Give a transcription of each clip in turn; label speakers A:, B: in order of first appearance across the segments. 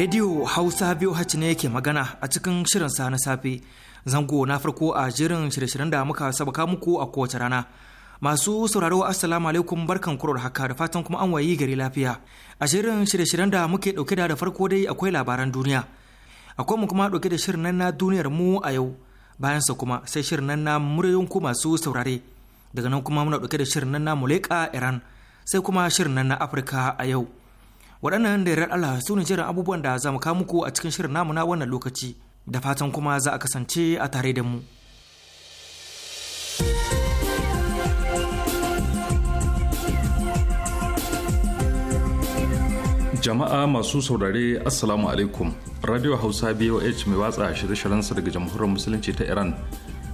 A: Radio Hausa biyu haci ne yake magana a cikin shirin sa na safe. Zango na farko a jirin shirye-shiryen da muka sabaka muku a kowace rana. Masu sauraro Assalamu alaikum barkan kurar haka da fatan kuma an wayi gari lafiya. A jirin shirye-shiryen da muke dauke da da farko dai akwai labaran duniya. Akwai mu kuma dauke da shirin nan na duniyar mu a yau. Bayan sa kuma sai shirin nan na muryoyin ku masu saurare. Daga nan kuma muna dauke da shirin nan na Muleka Iran. Sai kuma shirin nan na Afirka a yau. waɗannan da yarar Allah su ne jiran abubuwan da za mu kawo muku a cikin shirin namu na wannan lokaci da fatan kuma za a kasance a tare da mu.
B: jama'a masu saurare assalamu alaikum radio hausa boh mai watsa shirye-shiryensa daga jamhuriyar musulunci ta iran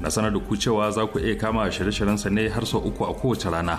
B: na sanar da ku cewa za ku iya kama shirye-shiryensa ne har sau uku a kowace rana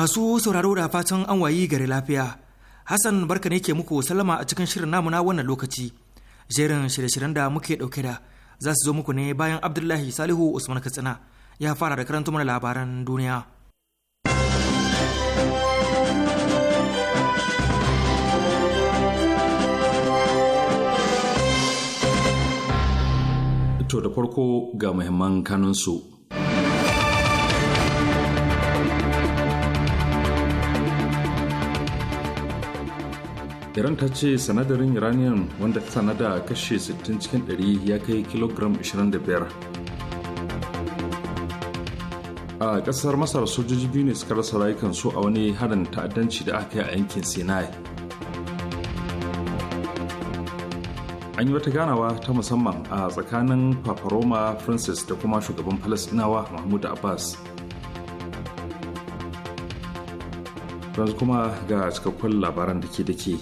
A: Masu sauraro da fatan an wayi gari lafiya. Hassan barka ne ke muku salama a cikin shirin namu na wannan lokaci. Jerin shirye-shiryen da muke dauke da za su zo muku ne bayan Abdullahi Salihu Usman Katsina ya fara da karanta mana labaran duniya.
B: To da farko ga muhimman kanunsu. iran ta ce sanadarin iranian wanda ta sanada kashe 60 cikin 100 ya kai kilogram 25 a kasar masar sojoji biyu ne suka rasa rayukansu a wani harin ta'addanci da aka yi a yankin sinai an yi wata ganawa ta musamman a tsakanin paparoma francis da kuma shugaban falasinawa mahmud abbas yanzu kuma ga cikakkun labaran da ke da ke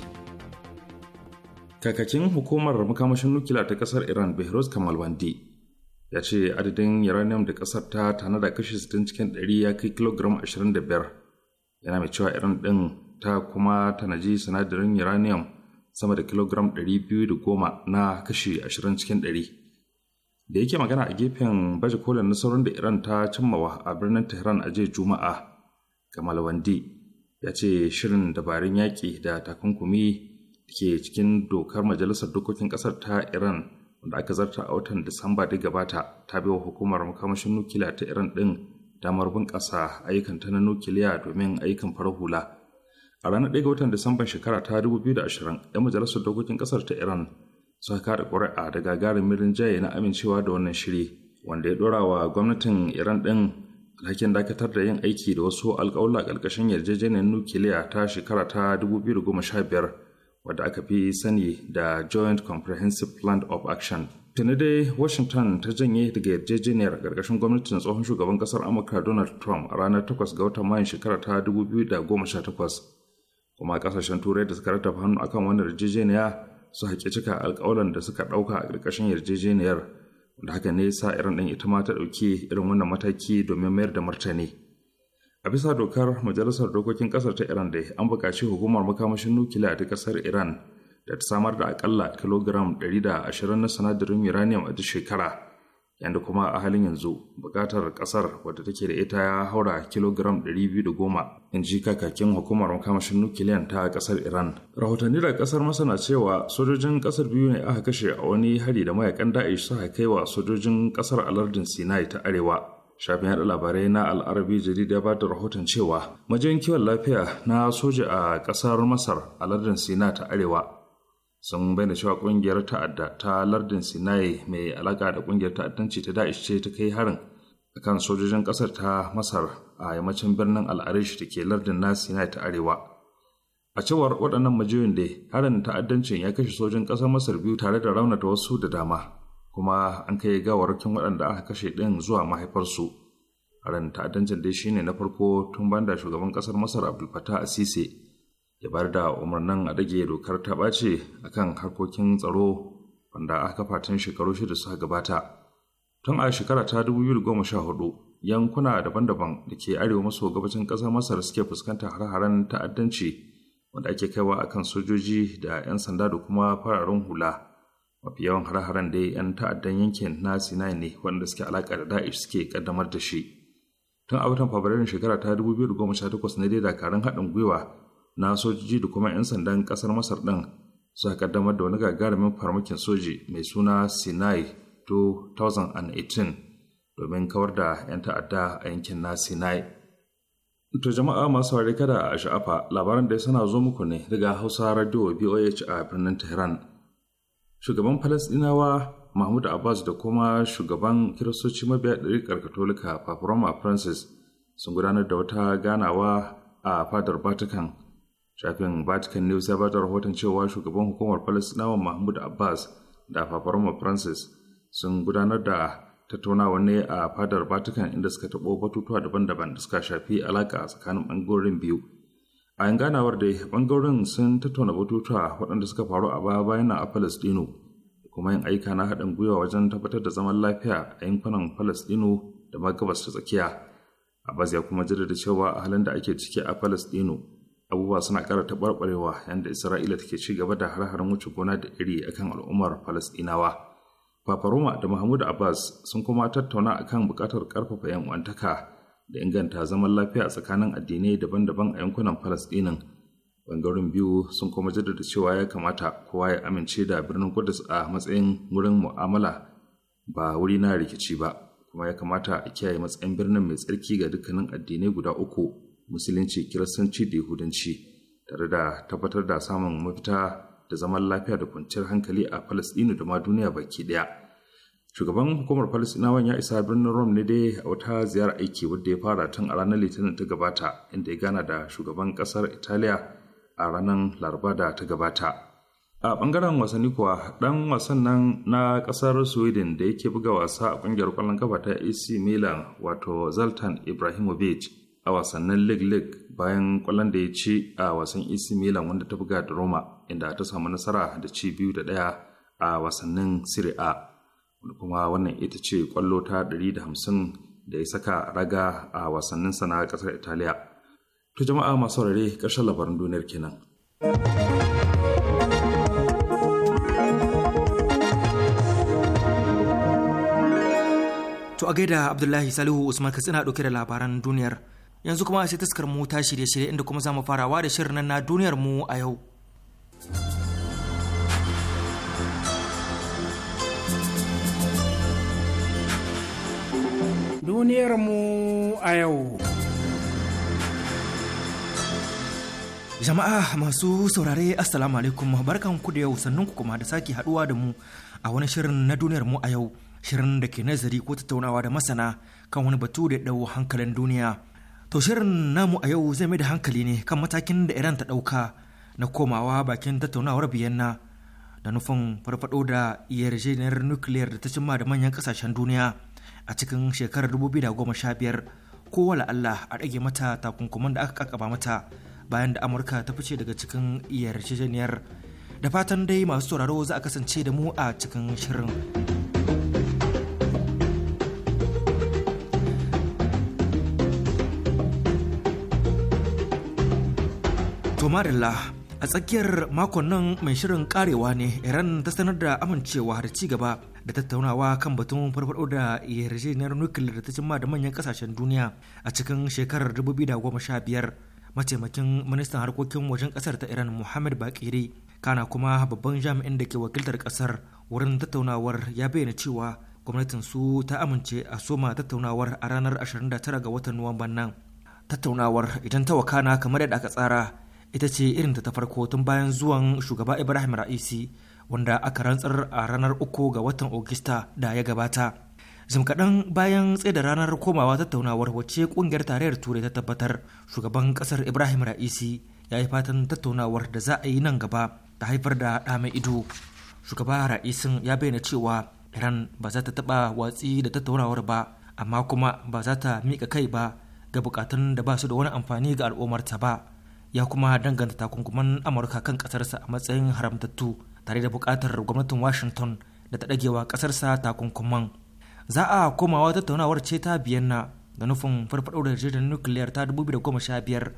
B: kakakin hukumar makamashin nukila ta kasar iran behrouz kamalwandi ya ce adadin uranium da kasar ta tana da kashi 60 cikin 100 ya kai kilogram 25 yana mai cewa iran din ta kuma tanaji sinadarin uranium sama da kilogram 210 na kashi 20 cikin 100 da yake magana a gefen baje kolin nasarorin da iran ta cimmawa a birnin tehran a jiya juma'a kamalwandi ya ce shirin dabarun yaƙi da takunkumi ke cikin dokar majalisar dokokin kasar ta iran da aka zarta a watan disamba da gabata ta bai wa hukumar makamashin nukiliya ta iran ɗin damar bunƙasa ayyukan ta na nukiliya domin ayyukan farar hula a ranar ɗaya ga watan disamban shekara ta 2020 'yan majalisar dokokin ƙasar ta iran suka kada ƙuri'a da gagarumin rinjaye na amincewa da wannan shiri wanda ya ɗora wa gwamnatin iran ɗin alhakin dakatar da yin aiki da wasu alƙawla ƙarƙashin yarjejeniyar nukiliya ta shekara ta 2015 wadda aka fi sani da joint comprehensive plan of action tuni dai washington ta janye daga yarjejeniyar ƙarƙashin gwamnatin tsohon shugaban ƙasar amurka donald trump a ranar 8 ga watan mayun shekara ta 2018 kuma ƙasashen turai da suka rattafa hannu akan wannan yarjejeniya su haƙi cika alƙawalan da suka ɗauka a ƙarƙashin yarjejeniyar wanda haka ne sa irin ɗin ita ma ta ɗauki irin wannan mataki domin mayar da martani a bisa dokar majalisar dokokin kasar ta iran dai an buƙaci hukumar makamashin nukiliya ta kasar iran da ta samar da akalla kilogram 120 na sinadarin uranium a duk shekara yadda kuma a halin yanzu bukatar kasar wadda take da ita ya haura kilogram 210 in ji kakakin hukumar makamashin nukiliyan ta kasar iran rahotanni daga kasar masana cewa sojojin ƙasar biyu ne aka kashe a wani hari da mayakan da'ish suka kai wa sojojin kasar alardin sinai ta arewa shafin yada labarai na al'arabi jarida ya bada rahoton cewa majiyan kiwon lafiya na soja a kasar masar a lardin sina ta arewa sun bayyana cewa kungiyar ta'adda ta lardin sinai mai alaka da kungiyar ta'addanci ta da'ish ce ta kai harin kan sojojin ƙasar ta masar a yammacin birnin al'arish da ke lardin na sinai ta arewa a cewar waɗannan majiyoyin dai harin ta'addancin ya kashe sojin ƙasar masar biyu tare da raunata wasu da dama kuma an kai gawarkin waɗanda aka kashe ɗin zuwa mahaifarsu ran ta'addancin dai shine na farko tun banda shugaban ƙasar masar abdul a sise ya bar da umarnin a dage dokar ta ɓace akan harkokin tsaro wanda aka kafa tun shekaru shida suka gabata tun a shekara ta 2014 yankuna daban-daban da ke arewa maso gabacin ƙasar masar suke fuskantar har-haren ta'addanci wanda ake kaiwa akan sojoji da 'yan sanda da kuma fararen hula mafi yawan hare-haren da 'yan ta'addan yankin na sinai ne wanda suke alaƙa da da'ish suke kaddamar da shi tun a watan fabrairun shekara ta 2018 ne dai dakarun haɗin gwiwa na sojoji da kuma 'yan sandan ƙasar masar ɗin suka kaddamar da wani gagarumin farmakin soji mai suna sinai 2018 domin kawar da 'yan ta'adda a yankin na sinai To jama'a masu saurari kada a sha'afa labaran da ya sana zo muku ne daga Hausa Radio BOH a birnin Tehran. shugaban falasdinawa mahmud abbas da kuma shugaban kiristoci mabiya ɗariƙar katolika paparoma francis sun gudanar da wata ganawa a fadar vatican shafin vatican news ya bada rahoton cewa shugaban hukumar falasdinawa mahmud abbas da paparoma francis sun gudanar da tattaunawa ne a fadar vatican inda suka taɓo batutuwa daban-daban da suka shafi alaƙa tsakanin ɓangarorin biyu a yan ganawar da bangaren sun tattauna batutuwa waɗanda suka faru a baya bayan a palestino kuma yin aika na haɗin gwiwa wajen tabbatar da zaman lafiya a yankunan palestino da ma ta tsakiya abbas ya kuma jaddada cewa a halin da ake ciki a palestino abubuwa suna ƙara taɓarɓarewa yadda isra'ila take ci gaba da har wuce gona da iri akan al'ummar palestinawa papa roma da mahmud abbas sun kuma tattauna akan buƙatar ƙarfafa 'yan uwantaka da inganta zaman lafiya a tsakanin addinai daban-daban a yankunan Falasɗinin. Bangaren biyu sun kuma jaddada cewa ya kamata kowa ya amince da birnin Kudus a matsayin wurin mu'amala ba wuri na rikici ba, kuma ya kamata a kiyaye matsayin birnin mai tsarki ga dukkanin addinai guda uku, Musulunci, Kiristanci da Yahudanci, tare da tabbatar da samun mafita da zaman lafiya da kwanciyar hankali a Falasɗinu da ma duniya baki ɗaya. shugaban hukumar palestinawan ya isa birnin rome ne dai a wata ziyara aiki wadda ya fara tun a ranar litinin ta gabata inda ya gana da shugaban kasar italiya a ranar laraba da ta gabata a bangaren wasanni kuwa dan wasan nan na kasar sweden da yake buga wasa a kungiyar kwallon kafa ta ac milan wato zaltan ibrahimovic a wasannin league league bayan kwallon da ya ci a wasan ac milan wanda ta buga da roma inda ta samu nasara da ci biyu da daya a wasannin serie a kuma wannan ita ce kwallo ta 150 da ya saka raga a wasannin a kasar italiya to jama'a masu rare ƙarshen labarin duniyar kenan.
A: To a gaida Abdullahi Salihu Usman Katsina ɗauke da labaran duniyar. Yanzu kuma sai taskar mu ta shirye-shirye inda kuma za mu farawa da shirin na duniyar mu a yau. duniyarmu a yau. Jama'a masu saurare Assalamu alaikum barkan ku da yau sannun ku kuma da sake haduwa da mu a wani shirin na duniyar mu a yau shirin da ke nazari ko tattaunawa da masana kan wani batu da dau hankalin duniya. To shirin namu a yau zai mai da hankali ne kan matakin da Iran ta ɗauka na komawa bakin tattaunawar Biyanna da nufin farfado da yarjejeniyar nukiliyar da ta cimma da manyan ƙasashen duniya. a cikin shekarar 2015 ko wala Allah a ɗage mata takunkuman da aka kakaba mata bayan da Amurka ta fice daga cikin yarjejeniyar da fatan dai masu sauraro za a kasance da mu a cikin shirin. Tomarilla a tsakiyar makon nan mai shirin karewa ne Iran ta sanar da amincewa da ci gaba da tattaunawa kan batun farfado da yarjejeniyar nukiliyar da ta cimma da manyan kasashen duniya a cikin shekarar 2015 mataimakin ministan harkokin wajen kasar ta iran muhammad bakiri kana kuma babban jami'in da ke wakiltar kasar wurin tattaunawar ya bayyana cewa gwamnatin su ta amince a soma tattaunawar a ranar 29 ga watan nuwamban nan tattaunawar idan ta wakana kamar yadda aka tsara ita ce irin ta farko tun bayan zuwan shugaba ibrahim ra'isi wanda aka rantsar a ranar uku ga watan Ogista da ya gabata. Zum kaɗan bayan tsaida ranar komawa tattaunawar wacce ƙungiyar tarayyar Turai ta tabbatar shugaban ƙasar Ibrahim Ra'isi ya yi fatan tattaunawar da za a yi nan gaba ta haifar da ɗa mai ido. Shugaba Ra'isin ya bayyana cewa Iran ba za ta taɓa watsi da tattaunawar ba amma kuma ba za ta miƙa kai ba ga buƙatun da ba su da wani amfani ga al'ummarta ba ya kuma danganta takunkuman amurka kan ƙasarsa a matsayin haramtattu tare da buƙatar gwamnatin washington da ta ɗagewa ƙasarsa takunkuman za a komawa tattaunawar ce ta biyanna da nufin farfaɗo da jirgin nukiliyar ta 2015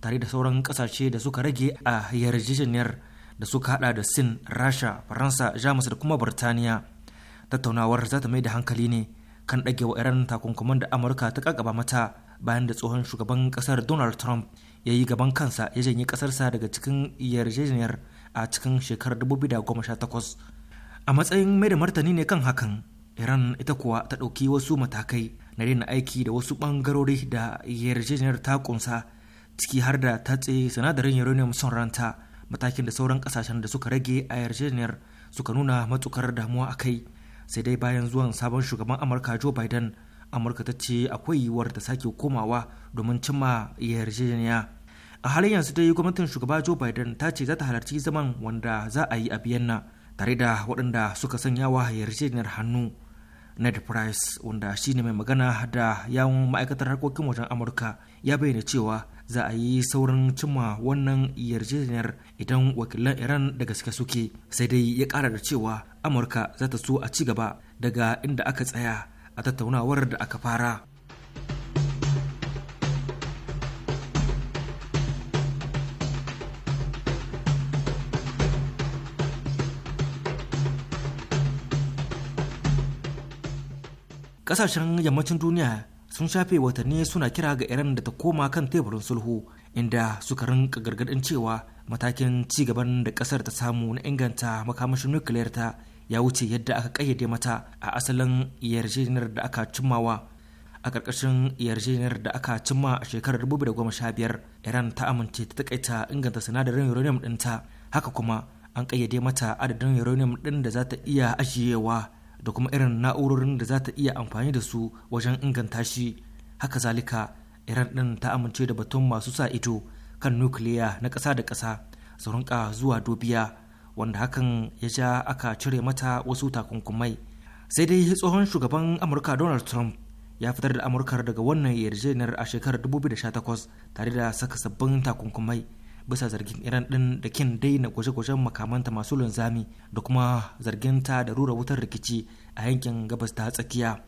A: tare da sauran ƙasashe da suka rage a yarjejeniyar da suka hada da sin rasha faransa jamus da kuma birtaniya tattaunawar za ta mai da hankali ne kan ɗagewa iran takunkuman da amurka ta kakaba mata bayan da tsohon shugaban ƙasar donald trump ya yi gaban kansa ya janye ƙasarsa daga cikin yarjejeniyar a cikin shekarar 2018 a matsayin mai da martani ne kan hakan iran ita kuwa ta ɗauki wasu matakai na daina aiki da wasu ɓangarori da yarjejeniyar ta kunsa ciki har da ta tatse sinadarin uranium son ranta matakin da sauran kasashen da suka rage a yarjejeniyar suka nuna matukar damuwa a kai sai dai bayan zuwan sabon shugaban amurka joe biden amurka ta ce akwai yiwuwar ta sake komawa domin cimma yarjejeniya a halin yanzu dai gwamnatin shugaba joe biden ta ce za ta halarci zaman wanda za a yi a biyanna tare da waɗanda suka sanya wa yarjejeniyar hannu ned price wanda shine mai magana da yawon ma'aikatar harkokin wajen amurka ya bayyana cewa za a yi saurin cimma wannan yarjejeniyar idan wakilan iran da gaske suke sai dai ya kara da cewa amurka za ta so a ci gaba daga inda aka tsaya a tattaunawar da aka fara kasashen yammacin duniya sun shafe watanni suna kira ga iran da ta koma kan teburin sulhu inda suka rinka gargadin cewa matakin ci gaban da kasar ta samu na inganta makamashin nukiliyar ta ya wuce yadda aka kayyade mata a asalin yarjejeniyar da aka cimmawa a ƙarƙashin yarjejeniyar da aka cimma a shekarar biyar iran ta amince ta takaita inganta sinadarin uranium ɗinta haka kuma an kayyade mata adadin uranium ɗin da za ta iya ajiyewa da kuma irin na'urorin da za ta iya amfani da su wajen inganta shi haka zalika iran din ta amince da batun masu sa ido kan nukiliya na ƙasa da kasa su rinka zuwa dubiya wanda hakan ya ja aka cire mata wasu takunkumai sai dai tsohon shugaban amurka donald trump ya fitar da amurkar daga wannan yarjejeniyar a shekarar 2018 tare da saka sabbin takunkumai bisa zargin iran din da kin daina gwaje-gwajen makamanta masu linzami da kuma zargin da rura wutar rikici a yankin gabas ta tsakiya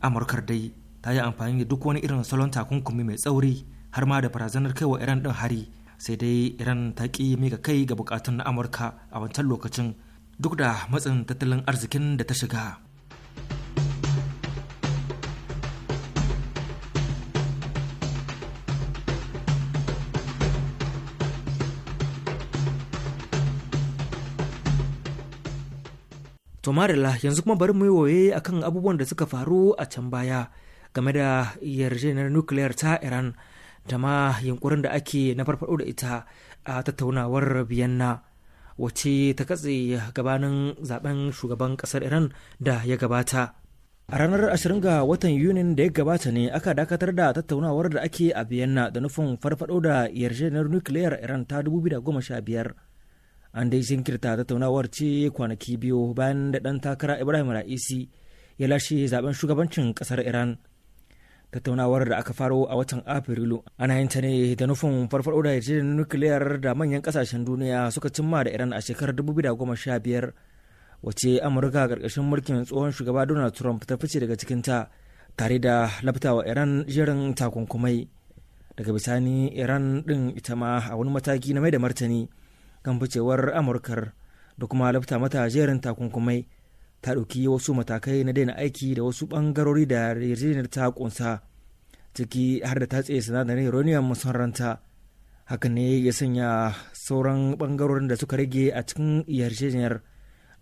A: amurkar dai ta yi amfani da duk wani irin salon takunkumi mai tsauri har ma da barazanar kai wa iran din hari sai dai iran ta ki mika kai ga bukatun na amurka a wancan lokacin duk da matsin tattalin arzikin da ta shiga To Marilla yanzu kuma bari mu yi waye akan abubuwan da suka faru a can baya game da yarjejeniyar nukiliyar ta Iran da ma yunkurin da ake na farfado da ita a tattaunawar Vienna wace ta katse gabanin zaben shugaban kasar Iran da ya gabata. A ranar 20 ga watan Yunin da ya gabata ne aka dakatar da tattaunawar da ake a Vienna da nufin farfado da yarjejeniyar nukiliyar Iran ta 2015. an dai jinkirta tattaunawar ce kwanaki biyu bayan da ɗan takara ibrahim ra'isi ya lashe zaben shugabancin ƙasar iran tattaunawar da aka faro a watan afrilu ana yin ta ne da nufin farfaɗo da yarjejeniyar nukiliyar da manyan ƙasashen duniya suka cimma da iran a shekarar 2015 wace amurka ƙarƙashin mulkin tsohon shugaba donald trump ta fice daga ta tare da wa iran jerin takunkumai daga bisani iran ɗin ita ma a wani mataki na mai da martani kan ficewar amurkar da kuma lafta mata jerin takunkumai ta ɗauki wasu matakai na daina aiki da wasu ɓangarori da yarjejeniyar ta ƙunsa ciki har da tatse sinadarin uranium sun ranta hakan ne ya sanya sauran ɓangarorin da suka rage a cikin yarjejeniyar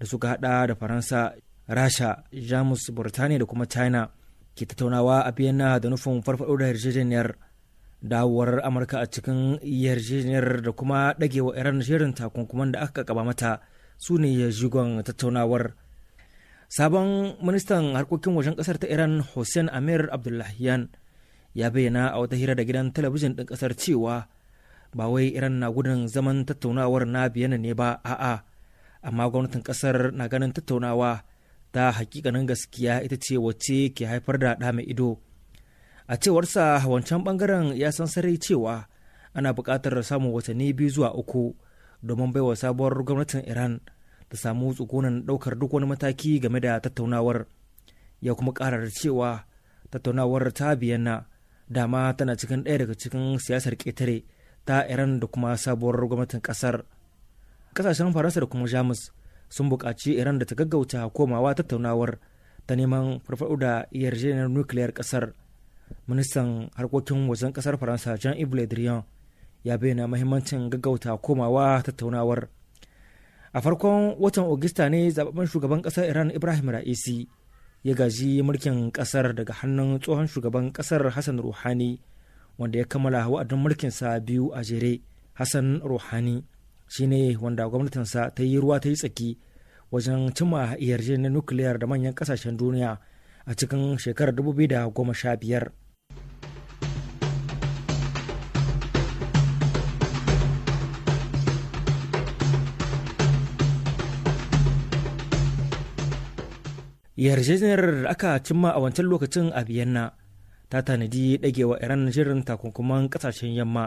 A: da suka hada da faransa rasha jamus burtaniya da kuma china ke tattaunawa a vienna da nufin farfaɗo da yarjejeniyar dawowar amurka a cikin yarjejeniyar da kuma ɗagewa iran shirin takunkuman da aka kaba mata su ne ya jigon tattaunawar sabon ministan harkokin wajen kasar ta iran hussein amir abdullahiyan ya bayyana a wata hira da gidan talabijin ɗin ƙasar cewa ba wai iran na gudun zaman tattaunawar na biyana ne ba a'a amma gwamnatin ƙasar na ganin tattaunawa ta hakikanin gaskiya ita ce wacce ke haifar da ido a cewarsa wancan bangaren ya san sarai cewa ana buƙatar samun watanni biyu zuwa uku domin baiwa sabuwar gwamnatin iran ta samu tsugunan ɗaukar duk wani mataki game da tattaunawar ya kuma ƙara cewa tattaunawar ta biyanna dama tana cikin ɗaya daga cikin siyasar ƙetare ta iran da kuma sabuwar gwamnatin ƙasar ƙasashen faransa da kuma jamus sun buƙaci iran da ta gaggauta komawa tattaunawar ta neman farfaɗo da yarjejeniyar nukiliyar ƙasar ministan harkokin wajen kasar faransa jean yves le drian ya bayyana mahimmancin gaggauta komawa tattaunawar a farkon watan ogista ne zababben shugaban kasar iran ibrahim ra'isi ya gaji mulkin kasar daga hannun tsohon shugaban kasar hassan ruhani wanda ya kammala wa'adin mulkinsa biyu a jere hassan ruhani shine wanda gwamnatinsa ta yi ruwa ta yi tsaki wajen cimma yarjejeniyar nukiliyar da manyan kasashen duniya a cikin shekarar 2015 yarjejeniyar aka cimma a wancan lokacin a biyanna ta tanadi dagewa iran shirin takunkuman kasashen yamma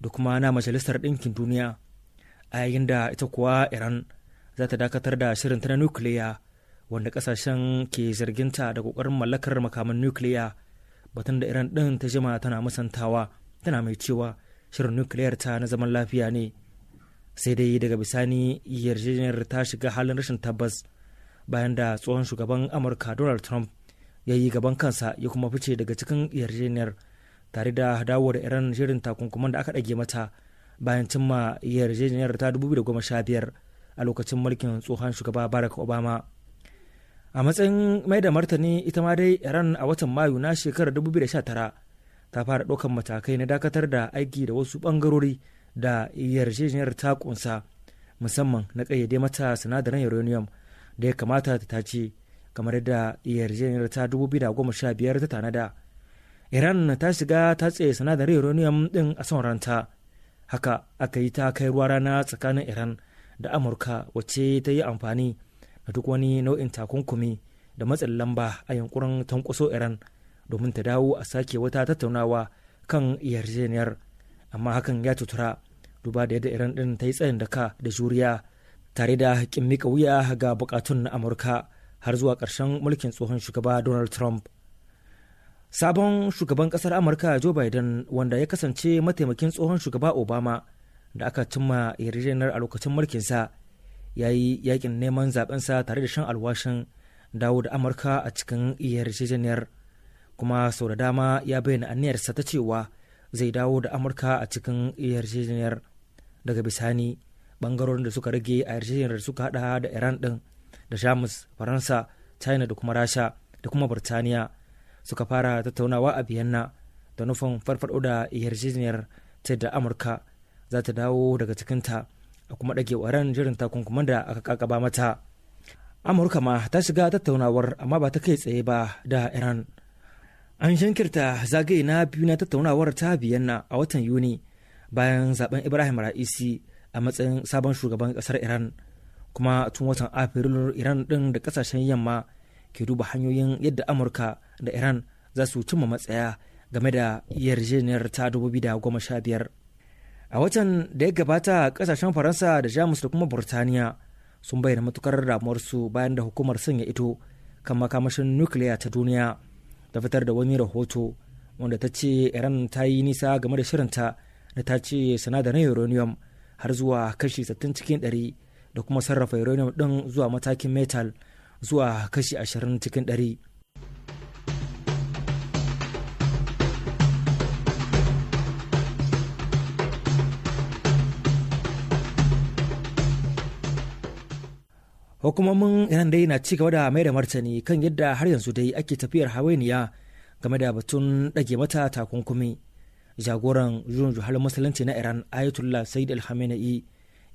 A: da kuma na majalisar ɗinkin duniya a yayin da ita kuwa iran za ta dakatar da shirin ta na nukiliya wanda kasashen ke zarginta da kokarin mallakar makaman nukiliya batun da iran ɗin ta jima tana musantawa tana mai cewa shirin nukiliyar ta na zaman lafiya ne sai dai daga bisani yarjejeniyar ta shiga halin rashin tabbas bayan da tsohon shugaban amurka donald trump ya yi gaban kansa ya kuma fice daga cikin yarjejeniyar tare da dawo da iran shirin takunkuman da aka ɗage mata bayan cimma yarjejeniyar ta 2015 a lokacin mulkin tsohon shugaba barack obama a matsayin mai da martani ita ma dai iran a watan mayu na shekarar 2019 ta fara ɗaukan matakai na dakatar da aiki da wasu ɓangarori da yarjejeniyar ta ƙunsa musamman na ƙayyade mata sinadarin uranium da ya kamata ta tace kamar yadda yarjejeniyar ta biyar ta tanada iran ta shiga ta tsaye sinadarin uranium din a son ranta haka aka yi ta kai ruwa rana tsakanin iran da amurka wacce ta yi amfani da duk wani nau'in takunkumi da matsin lamba a yankunan tankwaso iran domin ta dawo a sake wata tattaunawa kan yarjejeniyar amma hakan ya tutura duba da yadda iran din ta yi tsayin daka da juriya tare da haƙƙin mika wuya ga bukatun na amurka har zuwa ƙarshen mulkin tsohon shugaba donald trump sabon shugaban ƙasar amurka joe biden wanda ya kasance mataimakin tsohon shugaba obama da aka cimma yarjejeniyar a lokacin mulkinsa ya yi yakin neman zaɓensa tare da shan alwashin dawo da amurka a cikin yarjejeniyar kuma sau da dama ya bayyana aniyarsa ta cewa zai dawo da amurka a cikin yarjejeniyar daga bisani bangarorin da suka rage a yarjejeniyar suka hada da iran din da jamus faransa china da kuma rasha da kuma birtaniya suka fara tattaunawa a biyanna da nufin farfado da yarjejeniyar ta da amurka za ta dawo daga cikinta a kuma dage waran jirin takunkuman da aka kakaba mata amurka ma ta shiga tattaunawar amma ba ta kai tsaye ba da iran an shankirta zagaye na biyu na tattaunawar ta biyanna a watan yuni bayan zaben ibrahim ra'isi a matsayin sabon shugaban kasar iran kuma tun watan afrilu iran din da kasashen yamma ke duba hanyoyin yadda amurka da iran za su cimma matsaya game da yarjejeniyar ta biyar. a watan da ya gabata kasashen faransa da jamus da kuma burtaniya sun bayyana matukar damuwarsu bayan da hukumar sanya ito kan makamashin nukiliya ta duniya da fitar da wani rahoto wanda ta ce iran ta yi nisa game da shirinta da ta ce sinadarin uranium har zuwa kashi 60 cikin 100 da kuma sarrafa uranium din zuwa matakin metal zuwa kashi 20 cikin 100 hukumomin iran dai na ci gaba da mai da martani kan yadda har yanzu dai ake tafiyar hawainiya game da batun dage mata takunkumi jagoran juyin juhar musulunci na iran ayatollah said al khamenei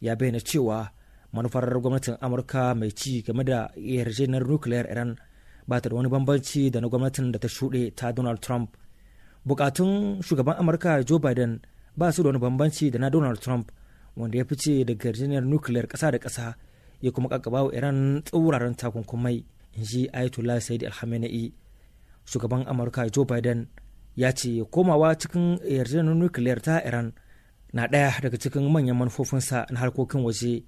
A: ya bayyana cewa manufar gwamnatin amurka mai ci game da yarjejeniyar nukiliyar iran ba ta da wani bambanci da na gwamnatin da ta shuɗe ta donald trump bukatun shugaban amurka joe biden ba su da wani bambanci da na donald trump wanda ya fice da yarjejeniyar nukiliyar ƙasa da ƙasa ya kuma kakaba wa iran tsauraran takunkumai in ji ayatollah said al khamenei shugaban amurka joe biden ya ce komawa cikin yarjejeniyar nukiliyar ta iran na ɗaya daga cikin manyan manufofinsa na harkokin waje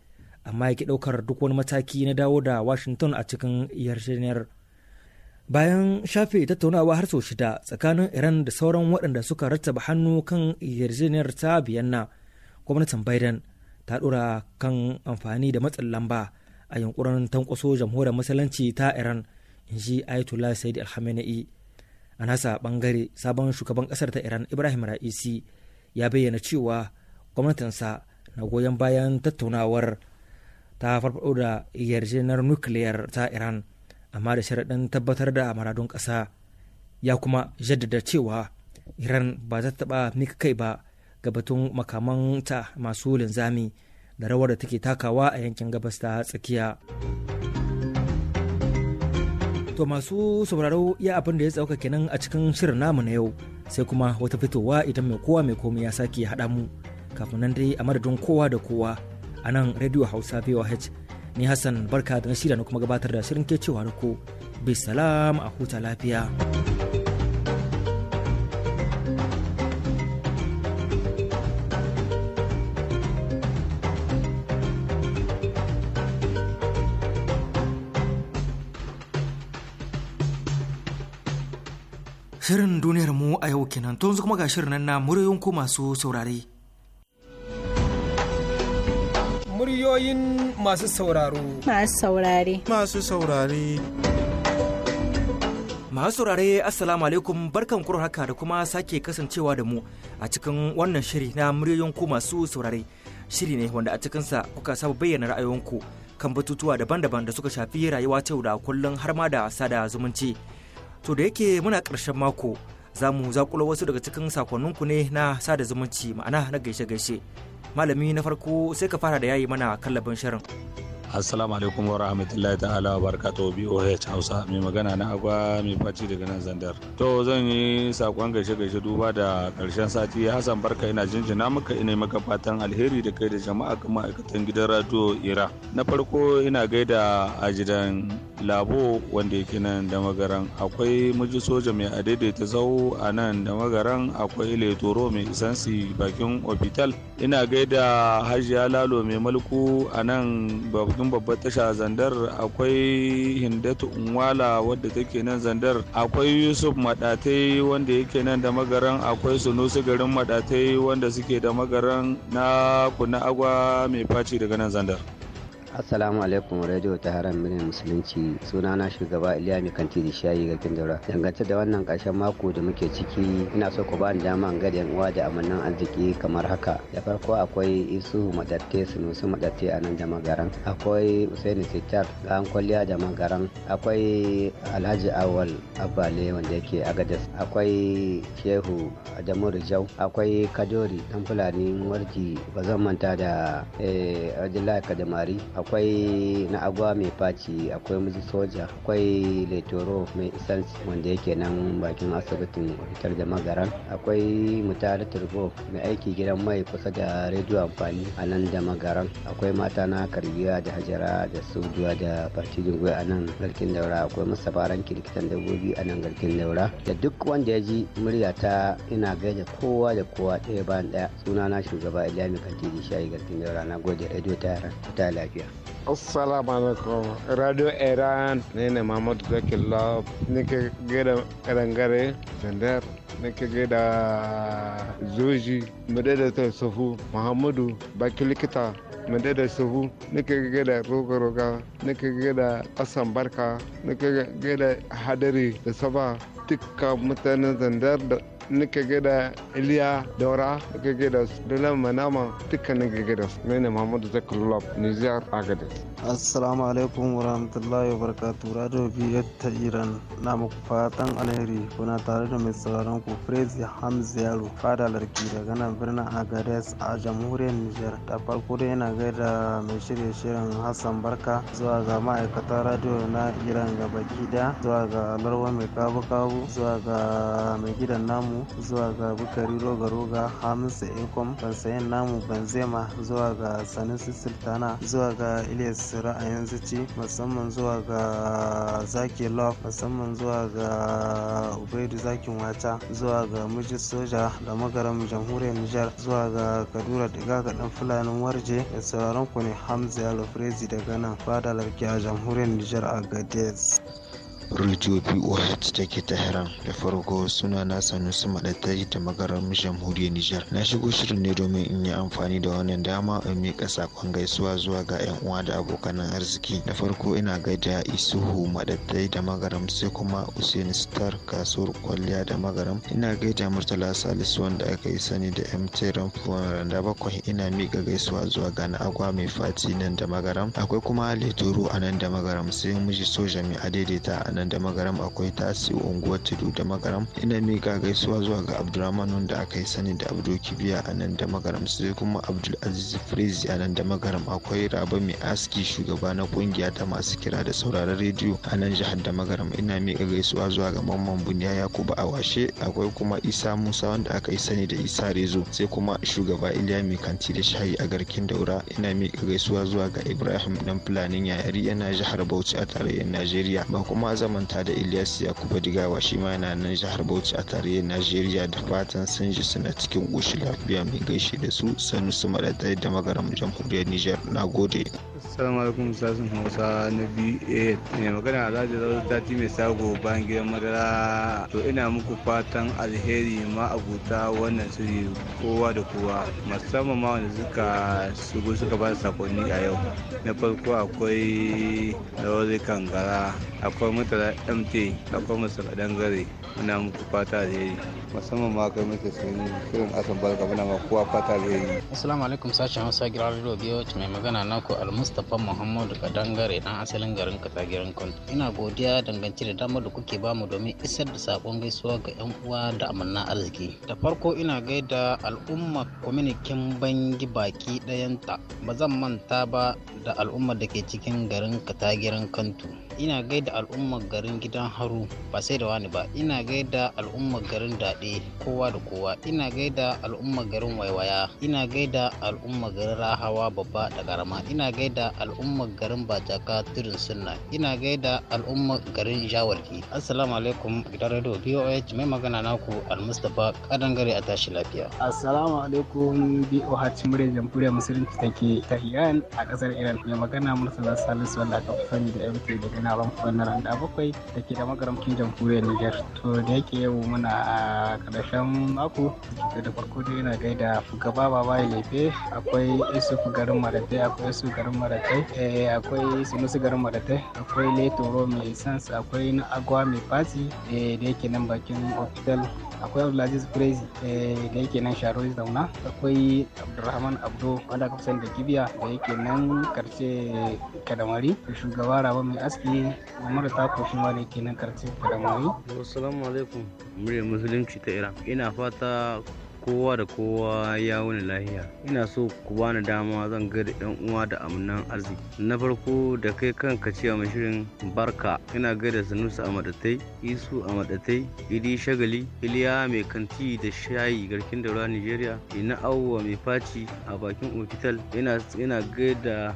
A: amma ya ki ɗaukar duk wani mataki na dawo da washington a cikin yarjejeniyar bayan shafe tattaunawa har sau shida tsakanin iran da sauran waɗanda suka rattaba hannu kan yarjejeniyar ta biyanna gwamnatin biden ta ɗora kan amfani da matsin lamba a yunkurin tankwaso jamhuriyar musulunci ta iran in ji ayatollah sayyid al a nasa bangare sabon shugaban kasar ta iran ibrahim ra'isi ya bayyana cewa gwamnatinsa na goyon bayan tattaunawar ta farfado da yarjejeniyar nukiliyar ta iran amma da sharaɗin tabbatar da maradun ƙasa ya kuma jaddada cewa iran ba za ta taɓa mika kai ba ga batun makaman ta masu linzami da rawar da take takawa a yankin gabas ta tsakiya. To masu sauraro ya abin da ya tsauka kenan a cikin shirin namu na yau sai kuma wata fitowa idan mai kowa mai komai ya sake haɗa mu kafin nan dai a madadin kowa da kowa a nan Radio Hausa VOH ni Hassan barka da na shirya na kuma gabatar da shirin ke cewa da ku bisalam a huta lafiya. a yau kenan to yanzu kuma ga shirin nan na muryoyin ku masu saurare. Muryoyin masu sauraro. Masu saurare. Masu saurare. Masu saurare Assalamu alaikum barkan kuro haka da kuma sake kasancewa da mu a cikin wannan shiri na muryoyin ku masu saurare. Shiri ne wanda a cikinsa kuka saba bayyana ra'ayoyinku kan batutuwa daban-daban da suka shafi rayuwa ta yau da kullum har ma da sada zumunci. To da yake muna ƙarshen mako za mu zakulo wasu daga cikin sakonninku ne na sada zumunci ma'ana na gaishe-gaishe malami na
B: farko sai ka fara da yayi mana kallabin shirin assalamu alaikum wa rahmatullahi ta'ala wa barakatuhu BOH Hausa mai magana na agwa mai faci daga nan zandar to zan yi sakon gaishe gaishe duba da karshen sati Hassan barka ina jinjina maka ina maka fatan alheri da kai da jama'a kuma ma'aikatan gidan radio Ira na farko ina gaida a gidan labo wanda yake nan da magaran akwai muji soja mai adaidaita zau a nan da magaran akwai letoro mai isansi bakin ofital ina gaida hajiya lalo mai mulku a nan cikin babbar tasha zandar akwai hindatu unwala wadda take nan zandar akwai yusuf madatai wanda yake nan da magaran akwai sunusu garin madatai wanda suke da magaran na kuna agwa mai faci daga nan zandar
C: assalamu alaikum radio ta haram minin musulunci sunana shugaba iliya mai kanti da shayi garkin daura dangance da wannan karshen mako da muke ciki ina so ku ba ni dama in gade uwa da amannan arziki kamar haka da farko akwai isu madatte sunusu madatte a nan da magaran akwai usaini sitar an kwalliya da magaran akwai alhaji awal abale wanda yake agadas akwai shehu adamu rijau akwai kadori dan fulani warji ba manta da eh, abdullahi kadamari akwai na agwa mai faci akwai miji soja akwai letoro mai isansi wanda yake nan bakin asibitin fitar da magaran akwai mutare turbo mai aiki gidan mai kusa da rediyo amfani a nan da magaran akwai mata na karbiya da hajara da sujuwa da fatijin gwai a nan garkin daura akwai baran kirkitan dabbobi a nan garkin daura da duk wanda ya ji murya ta ina gaida kowa da kowa ɗaya bayan ɗaya suna na shugaba ilyami kantin shayi garkin daura na gode rediyo ta yaran ta lafiya
D: assalamu alaikum radio iran ne ne mahmud zakir love nake gaida karangare zandar nake gida zoji ta sufu muhammadu baki
E: likita madadar sahu nake gida roga-roga nake gida asan barka nake gida hadari da saba dukkan mutanen zandar da nika gida iliya daura nika gida su manama dukkan nika gida su ne muhammadu zakarulab nijar agadez
F: assalamu alaikum wa rahmatullahi wa barakatu radio biyar ta iran na muku fatan alheri kuna tare da mai sauraron ku frezi hamziyaru fada larki daga nan birnin agadez a jamhuriyar nijar da farko dai yana gaida mai shirya shirin hassan barka zuwa ga ma'aikatan radio na iran gabaki daya zuwa ga larwa mai kabu kabu zuwa ga mai gidan namu namu zuwa ga bukari roga roga hamisu ekom sayan namu banzema zuwa ga sanusi sultana zuwa ga ilyas ra'ayin zuci musamman zuwa ga zaki love musamman zuwa ga ubaidu zakin wata zuwa ga miji soja da magaram jamhuriyar nijar zuwa ga kadura diga ga dan fulanin warje da sauran ku ne hamza yalo daga nan fadalar a jamhuriyar nijar a gades
G: Radio BOH take Tehran da farko suna na Sanusi Maɗatai da magaran jamhuriyar Nijar. Na shigo shirin ne domin in yi amfani da wannan dama in miƙa saƙon gaisuwa zuwa ga 'yan uwa da abokan arziki. Da farko ina gaida Isuhu Maɗatai da magaram sai kuma hussein Star kasuwar kwalliya da magaram. Ina gaida Murtala Salisu wanda aka yi sani da MT Ramfuwan Randa bakwai ina miƙa gaisuwa zuwa ga na agwa mai fati nan da magaram. Akwai kuma Ali Turu a nan da magaram sai miji soja mai adaidaita a nan nan da magaram akwai tasi unguwar tudu da magaram ina mika gaisuwa zuwa ga abdulrahman wanda aka yi sani da abdul kibiya a nan da magaram sai kuma abdul aziz firiz a nan da magaram akwai raba mai aski shugaba na kungiya ta masu kira da sauraron rediyo a nan jihar da magaram ina mika gaisuwa zuwa ga mamman buniya a washe akwai kuma isa musa wanda aka yi sani da isa rezo sai kuma shugaba iliya mai kanti da shayi a garkin daura ina mika gaisuwa zuwa ga ibrahim dan fulanin yayari yana jihar bauchi a tarayyar najeriya ba kuma zama manta da Ilyas Yakuba Digawa shi ma yana nan jihar Bauchi a tarayyar Najeriya da fatan sun ji suna cikin ƙoshin lafiya mai gaishe da su su Maɗaɗai da magaram jamhuriyar Nijar. Na gode.
F: Assalamu alaikum sasin Hausa na BA mai magana za Alhaji Zawar Dati mai sago bayan gidan madara to ina muku fatan alheri ma abuta wannan shiri kowa da kowa musamman ma wanda suka shigo suka ba sakonni a yau na farko akwai rawar kankara akwai mutala mt akwai mutala dangare muna muku fata da yayi musamman ma kai muke sun shirin asan barka muna ma kowa fata da yayi
D: assalamu alaikum sashi hausa gidan radio biyo mai magana na? ku almustapha muhammadu kadangare dan asalin garin katagirin kun ina godiya dangance da damar da kuke bamu domin isar da sakon gaisuwa ga yan uwa da amanna arziki da farko ina gaida al'umma kwaminikin bangi baki dayanta ba zan manta ba da al'ummar da ke cikin garin katagirin kantu ina gaida da al'ummar garin gidan haru ba sai da wani ba ina gaida al'ummar garin daɗe kowa da kowa ina gaida al'ummar garin waiwaya ina gaida al'ummar garin rahawa babba da karama ina gaida al'ummar garin bajaka turin sunna ina gaida al'ummar garin jawarki assalamu alaikum gidan radio boh mai magana naku almustapha kadangare a tashi lafiya assalamu alaikum boh muryar jamhuriyar musulunci take ta a kasar iran mai magana murtala salisu wanda aka fi da mt daga nan ranar da bakwai da ke da magaramcin jamhuriyar niger to da yake yau muna karshen mako da farko dai yana gaida fugaba baba ya lefe akwai isu fugarin maratai akwai isu garin maratai akwai sinusu eh, garin maratai akwai letoro mai sans akwai na agwa mai fasi eh, da yake nan bakin hospital akwai abdulaziz crazy eh, da yake nan sharo zauna akwai abdulrahman abdo wanda aka fi da kibiya da yake nan karshe kadamari shugaba raba mai aski Umaru ta shi ma da yake nan karce da Assalamu alaikum. Muryar Musulunci ta Iran. Ina fata kowa da kowa ya wuni lahiya ina so ku bani dama zan ga da yan uwa da amnan arziki na farko da kai kanka cewa mai shirin barka ina gaida sanusa a madatai isu a madatai idi shagali iliya mai kanti da shayi garkin daura nigeria ina awwa mai faci a bakin ofital ina ina gaida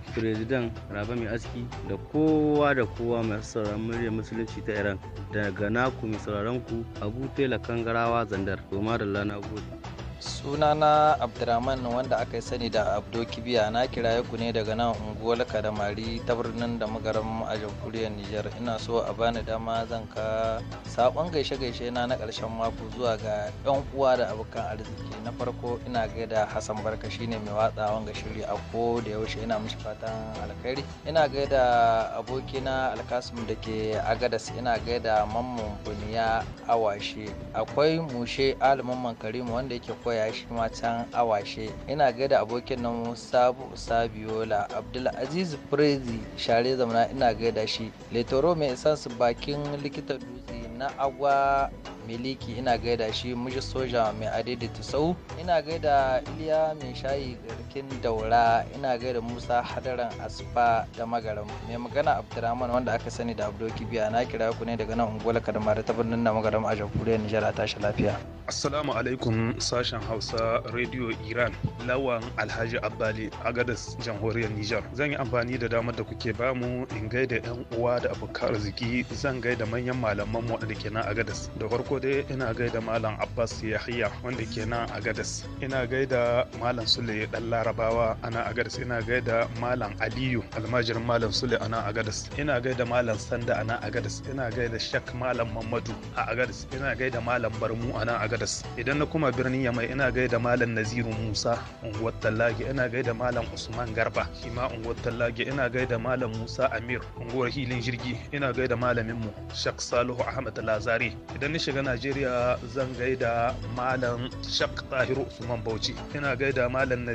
D: raba mai aski da kowa da kowa mai sauran murya musulunci ta iran daga naku mai sauraron ku abu tela kangarawa zandar goma da lana gode
H: sunana abdulrahman wanda aka sani da abdo kibiya na kiraya ku ne daga nan unguwar kadamari ta birnin da magaram a jamhuriyar nijar ina so a bani dama zan ka sabon gaishe gaishe na na karshen mako zuwa ga yan uwa da abokan arziki na farko ina gaida hassan barka shine mai watsawan ga shiri a ko da yaushe ina mishi fatan alkhairi ina gaida abokina alkasim da ke agadas ina gaida mamman buniya awashe akwai mushe aliman karimu wanda yake koya shi ma can awashe ina da abokin nan sabu sabiola abdulaziz prezi share zamana ina da shi letoro mai isansu bakin likita dutse na agwa miliki ina gaida shi miji soja mai adaidaita sau ina gaida iliya mai shayi garkin daura ina gaida musa hadaran asfa da magaram mai magana abdurrahman wanda aka sani da abdoki biya na kira ku ne daga nan unguwar kadamare ta birnin da magaram a jamhuriyar nijar a tashi lafiya
F: assalamu alaikum sashen hausa radio iran lawan alhaji abbali gadas jamhuriyar nijar zan yi amfani da damar da kuke bamu in gaida yan uwa da abokan arziki zan gaida manyan malaman mu da ke nan gadas da farko farko dai ina gaida malam abbas yahya wanda ke nan a gadas ina gaida malam sule dan larabawa ana a gadas ina gaida malam aliyu almajirin malam sule ana a gadas ina gaida malam sanda ana a gadas ina gaida shak malam mamadu a agadas ina gaida malam barmu ana a gadas idan na kuma birnin yamai ina gaida malam naziru musa unguwar tallage ina gaida malam usman garba shima ma unguwar tallage ina gaida malam musa amir unguwar hilin jirgi ina gaida malaminmu mu shak salihu ahmad lazari idan ni shiga najeriya zan gaida malam shak tahiru usman bauchi ina gaida malam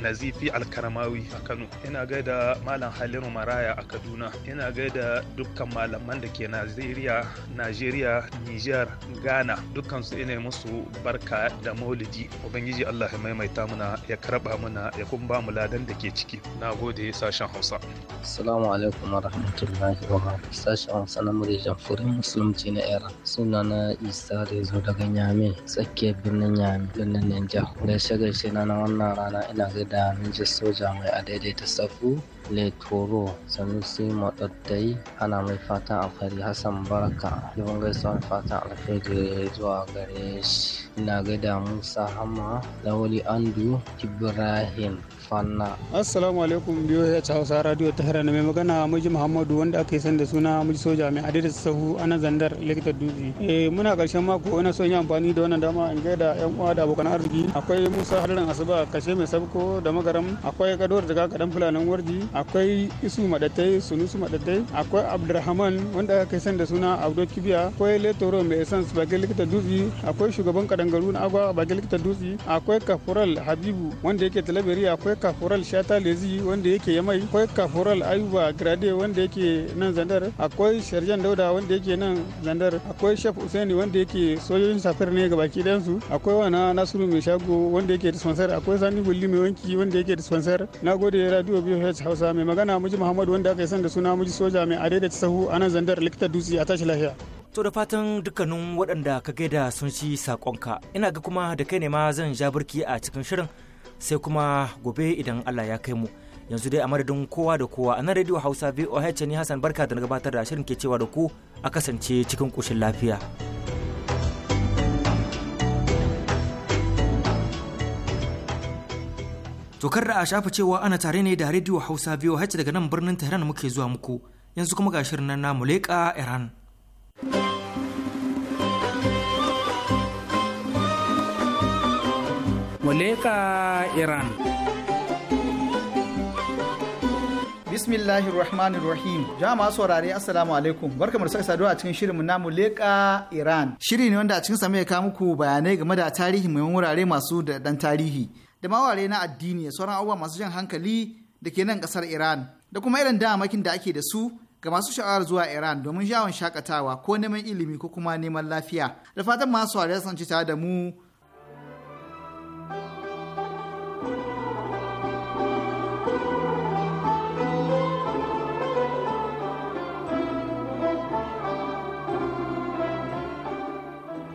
F: nazifi alkaramawi a kano ina gaida malam Halilu maraya a kaduna ina gaida dukkan malaman da ke najeriya najeriya niger ghana dukkan su ina musu barka da maulidi ubangiji allah ya maimaita muna ya karba muna ya kuma ba mu ladan da ke ciki na gode sashen hausa
C: assalamu alaikum wa rahmatullahi wa barakatuh sashen hausa na murjan furin musulunci na iran Sunana Isa da zo daga Nyame tsakiyar birnin Nyame birnin Nijar. Gaishe gaishe na wannan rana ina gaida Ninja Soja mai adaidaita safu letoro sanusi maɗaɗai ana mai fatan alkhairi hassan baraka yawan gaisuwar fatan alkhairi zuwa gare shi ina gaida musa hama lawali andu ibrahim fanna
E: assalamu alaikum biyo ya ci hausa radio ta hira mai magana miji muhammadu wanda aka yi san da suna muji soja mai adadin sahu ana zandar likita dutse eh muna karshen mako ina son yi amfani da wannan dama in gaida yan uwa da abokan arziki akwai musa hadarin asuba kashe mai sabko da magaram akwai da daga kadan fulanin warji akwai isu madatai sunusu madatai akwai abdurrahman wanda aka san da suna abdo kibiya akwai letoro mai essence bakin likita dutse akwai shugaban kadangaru na agwa bakin likita dutse akwai kafural habibu wanda yake talabiri akwai kafural shata lezi wanda yake yamai akwai kafural ayuba grade wanda yake nan zandar akwai sharjan dauda wanda yake nan zandar akwai shef usaini wanda yake sojojin safir ne ga baki dansu akwai wana nasiru mai shago wanda yake dispensar akwai sani bulli mai wanki wanda yake dispensar na gode radio bh hausa mai magana muji Muhammadu wanda aka yi san da suna muji soja mai adai da sahu a nan zandar
A: likita dutse a tashi lafiya. To da fatan dukkanin waɗanda ka gaida sun ci saƙonka ina ga kuma da kai ne ma zan ja birki a cikin shirin sai kuma gobe idan Allah ya kai mu. Yanzu dai a madadin kowa da kowa a nan rediyo Hausa VOH ne Hassan Barka da na gabatar da shirin ke cewa da ku a kasance cikin ƙoshin lafiya. To da a shafa cewa ana tare ne da rediyo Hausa biyu har daga nan birnin Tehran muke zuwa muku yanzu kuma ga shirin nan namu leƙa Iran. Muleka Iran
I: Bismillahir Rahmanir Rahim. Jama'a saurare Assalamu alaikum. Barkamu da sake saduwa a cikin shirinmu na Muleka Iran. Shiri ne wanda a cikin sa mai kawo muku bayanai game da tarihi mai wurare masu da dan tarihi. da maware na addini da sauran abubuwa masu jan hankali da ke nan kasar Iran da kuma irin damakin da ake da su ga masu sha'awar zuwa Iran domin yawon shakatawa ko neman ilimi ko kuma neman lafiya. Da fatan masu wariya sanci tare da mu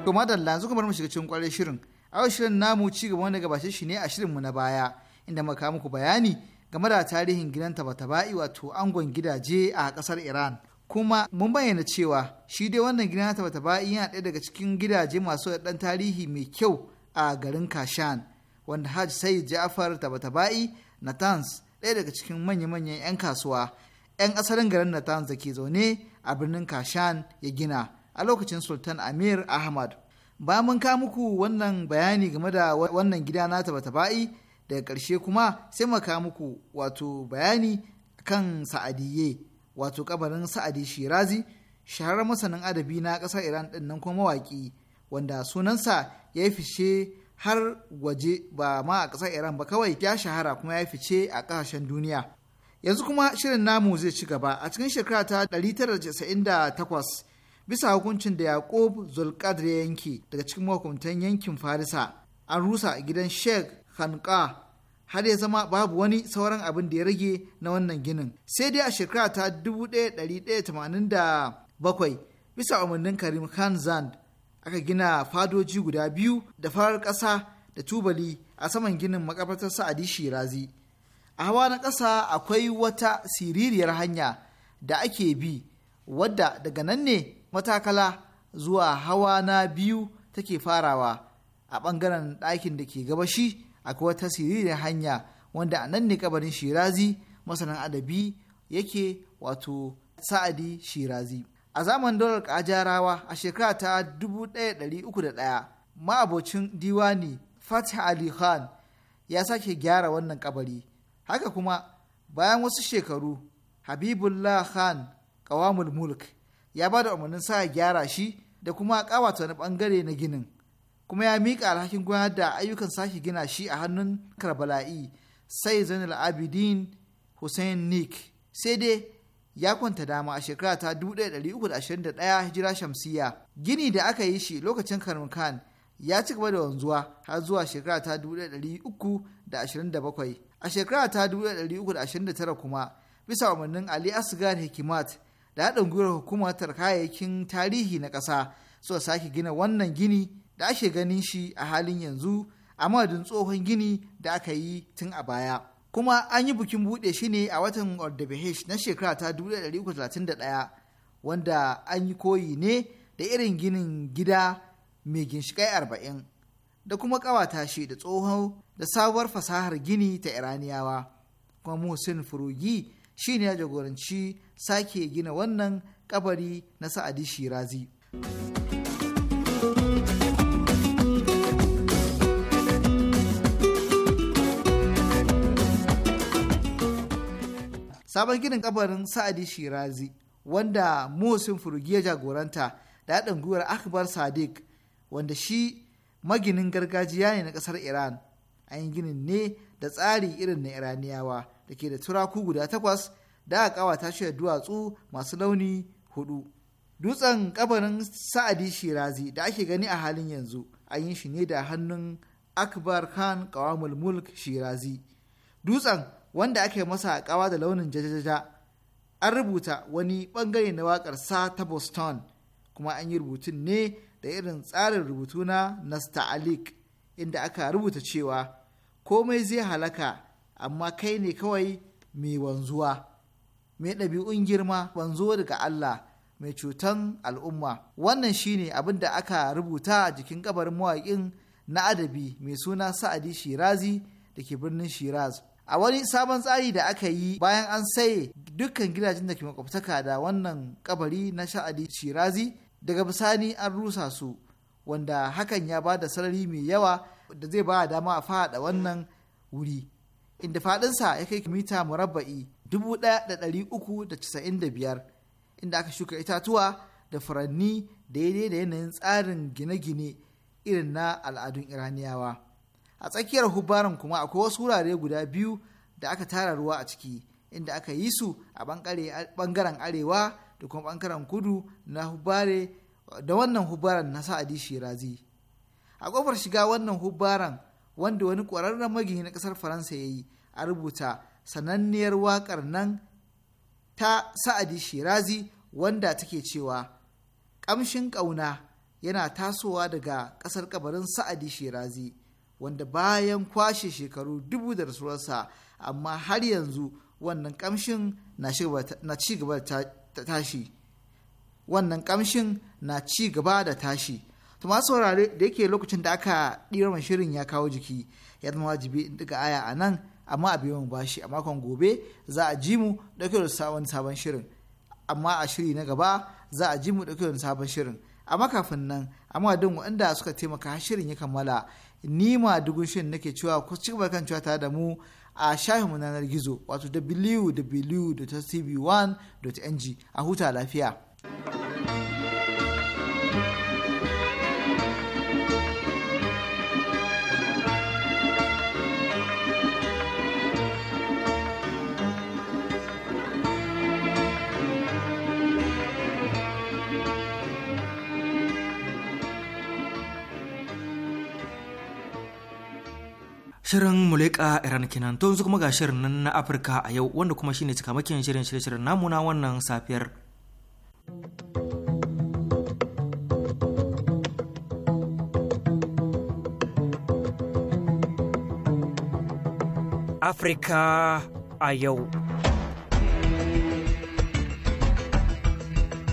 I: Kuma madalla yanzu kamar mu shiga cikin kwarai shirin a shirin namu ci gaba wanda gabace shi ne a shirinmu na baya inda muka muku bayani game da tarihin gidan tabataba'i wato angon gidaje a kasar iran kuma mun bayyana cewa shi dai wannan gidan tabataba'i yana ɗaya daga cikin gidaje masu ɗan tarihi mai kyau a garin kashan wanda hajj sai ja'far tabataba'i natans ɗaya daga cikin manya-manyan 'yan kasuwa 'yan asalin garin natans da ke zaune a birnin kashan ya gina a lokacin sultan amir ahmad ba mun ka muku wannan bayani game da wannan gida na bata ba'i daga karshe kuma sai mu ka muku wato bayani kan sa'adiyye wato kabarin sa'adi shirazi shahararren masanin adabi na ƙasar iran ɗin nan kuma mawaƙi wanda sunansa ya yi fice har waje ba ma a ƙasar iran ba kawai ya shahara kuma ya fice a ƙasashen duniya yanzu kuma shirin namu zai ci gaba a cikin shekara ta 1998 bisa hukuncin da Yaqub Zulqadr ya yanke daga cikin mahukuntan yankin Farisa an rusa gidan Sheikh Hanqa har ya zama babu wani sauran abin da ya rage na wannan ginin sai dai a shekara ta 1187 bisa umarnin Karim Khan Zand aka gina fadoji guda biyu da farar ƙasa da tubali a saman ginin makabartar Sa'adi Shirazi a hawa na ƙasa akwai wata siririyar hanya da ake bi wadda daga nan ne matakala zuwa hawa na biyu take farawa a ɓangaren ɗakin da ke gabashi akwai tasiri da hanya wanda a nan ne kabarin shirazi masanin adabi yake wato sa'adi shirazi a zaman daular kajarawa a shekara ta 1301 ma'abocin diwani fatih ali khan ya sake gyara wannan kabari haka kuma bayan wasu shekaru habibullah khan kawamul mulk ya ba da umarnin sa gyara shi da kuma kawata wani bangare na ginin kuma ya miƙa alhakin gudanar da ayyukan sake gina shi a hannun karbala'i sai zainal abidin hussein nick sai dai ya kwanta dama a shekara ta 1321 hijira shamsiya gini da aka yi shi lokacin karmin khan ya ci gaba da wanzuwa har zuwa shekara ta 1327 a shekara ta 1329 kuma bisa umarnin ali asgar hikimat da haɗin gwiwar hukumar kayayyakin tarihi na ƙasa suka sake gina wannan gini da ake ganin shi a halin yanzu a madadin tsohon gini da aka yi tun a baya. Kuma an yi bikin buɗe shi ne a watan Ordebehesh na shekara ta 1331 wanda an yi koyi ne da irin ginin gida mai ginshiƙai arba'in da kuma ƙawata shi da tsoho da sabuwar fasahar gini ta Iraniyawa. Kuma Muhsin Furugi shi ne ya jagoranci sake gina wannan kabari na sa'adi shirazi sabon ginin kabarin sa'adi shirazi wanda musin furugiya jagoranta da haɗin gwiwar akbar sadiq wanda shi maginin gargajiya ne na ƙasar iran an yi ginin ne da tsari irin na iraniyawa da ke da turaku guda takwas da aka kawata shi da duwatsu masu launi hudu. Dutsen kabarin Sa'adi Shirazi da ake gani a halin yanzu an yi shi ne da hannun Akbar Khan Kawamul Mulk Shirazi. Dutsen wanda ake masa kawa da launin jajajaja an rubuta wani bangare na wakar sa ta Boston kuma an yi rubutun ne da irin tsarin rubutu na Nasta'alik inda aka rubuta cewa komai zai halaka amma kai ne kawai mai wanzuwa. mai ɗabi'un girma banzo daga Allah mai cutan al'umma wannan shine abin da aka rubuta a jikin kabarin mawaƙin na adabi mai suna sa'adi shirazi da ke birnin shiraz a wani sabon tsari da aka yi bayan an saye dukkan gidajen da ke makwabtaka da wannan kabari na sha'adi shirazi daga bisani an rusa su wanda hakan ya ba da sarari mai yawa da zai ba dama a fada wannan wuri inda fadinsa ya kai mita murabba'i 1395 inda aka shuka itatuwa da furanni daidai da yanayin tsarin gine-gine irin na al'adun iraniyawa a tsakiyar hubaran kuma akwai wasu wurare guda biyu da aka tara ruwa a ciki inda aka yi su a bangaren arewa da kuma bangaren kudu na hubare da wannan hubaran na sa'adi shirazi a kofar shiga wannan hubaran wanda wani ƙwararren magini na ƙasar faransa ya yi a rubuta sananniyar waƙar nan ta sa'adi shirazi wanda take cewa ƙamshin ƙauna yana tasowa daga ƙasar ƙabarin sa'adi shirazi wanda bayan kwashe shekaru dubu da rasuwarsa amma har yanzu wannan ƙamshin na ci gaba da tashi wannan ƙamshin na ci gaba da tashi to masu saurare da yake lokacin da aka ɗirar shirin ya kawo jiki ya zama wajibi daga aya a nan amma a ba bashi a makon gobe za a ji mu dauke da sabon sabon shirin amma a shiri na gaba za a ji mu dauke da sabon shirin amma kafin nan amma don waɗanda suka taimaka shirin ya kammala ni ma dugun shirin nake cewa ku ci gaba kan cewa tare da mu a shahinmu na gizo wato www.tv1.ng a huta lafiya.
A: Shirin Muleka Iran kenan to yanzu kuma ga shirin na Afirka a yau wanda kuma shine cikamakin shirin shirye-shiryen namu na wannan safiyar. Afirka a yau.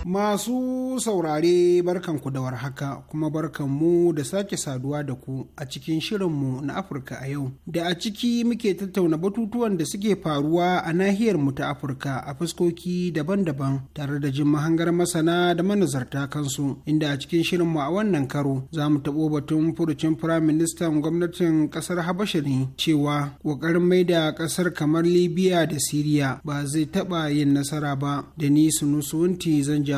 E: Masu saurare barkanku da warhaka kuma barkanmu da sake saduwa da ku a cikin shirinmu na Afirka a yau. Da a ciki muke tattauna batutuwan da suke faruwa a nahiyar mu ta Afirka a fuskoki daban-daban tare da jin mahangar masana da manazarta kansu inda a cikin shirinmu a wannan karo za mu taɓo batun furucin Firaministan gwamnatin ƙasar Habasha ne cewa ƙoƙarin mai da ƙasar kamar Libya da Siriya ba zai taɓa yin nasara ba da ni Sunusuwanti zan ja